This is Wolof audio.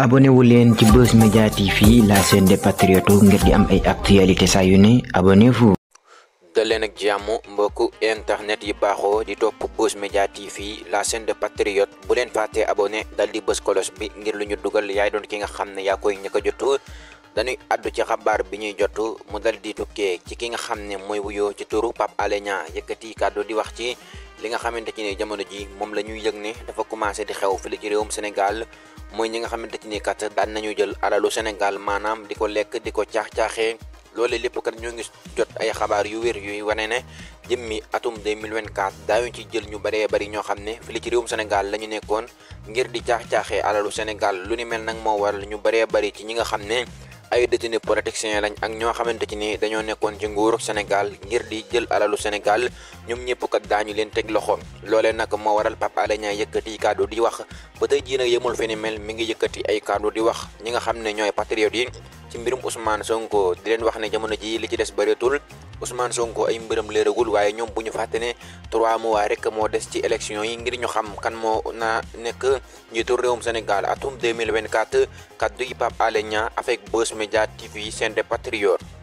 abonné wu leen ci Buzz Media TV la chaîne des patriotes ngir di am ay actualité saa yu ne abonnez-vous. da leen ak jàmm mbokku internet yi baaxoo di topp Buzz Media TV la chaîne de patriotes bu leen fàttee abone dal di bos kolos bi ngir lu ñu dugal yaay doon ki nga xam ne yaa koy ñëkk a jot dañuy àddu ci xabaar bi ñuy jot mu dal di tukkee ci ki nga xam ne mooy wuyoo ci turu Pape Alé Niang yëkkati kàddu di wax ci li nga xamante ci ne jamono ji moom la ñuy yëg ne dafa commencé di xew fii ci réewum mooy ñi nga xamante ni kat daan nañu jël alalu Sénégal maanaam di ko lekk di ko caax-caaxee loole lépp kat ñoo ngi jot ay xabaar yu wér yuy wane ne jëmmi atum 2024 daawuñ ci jël ñu bëree bari ñoo xam ne fii ci réewum Sénégal la ñu nekkoon ngir di caax-caaxee alalu Sénégal lu ni mel nag moo waral ñu bëree bari ci ñi nga xam ne ay détenus politiciens lañ ak ñoo xamante ci ni dañoo nekkoon ci nguurug Sénégal ngir di jël alalu Sénégal ñoom ñëpp kat daañu leen teg loxo loolee nag moo waral Pape Alé Niang yëkkati kàddu di wax ba tey jii nag yemul fi ni mel mi ngi yëkkati ay kàddu di wax ñi nga xam ne ñooy patriotes yi ci mbirum Ousmane Sonko di leen wax ne jamono ji li ci des bareetul Ousmane Sonko ay mbërëm leeragul waaye ñoom bu ñu fàtte ne trois mois rek moo des ci élection yi ngir ñu xam kan moo na nekk njiitu réewum Sénégal atum 2024 kaddu yi Pape Alé Niang avec Buzz Media TV seen de patriote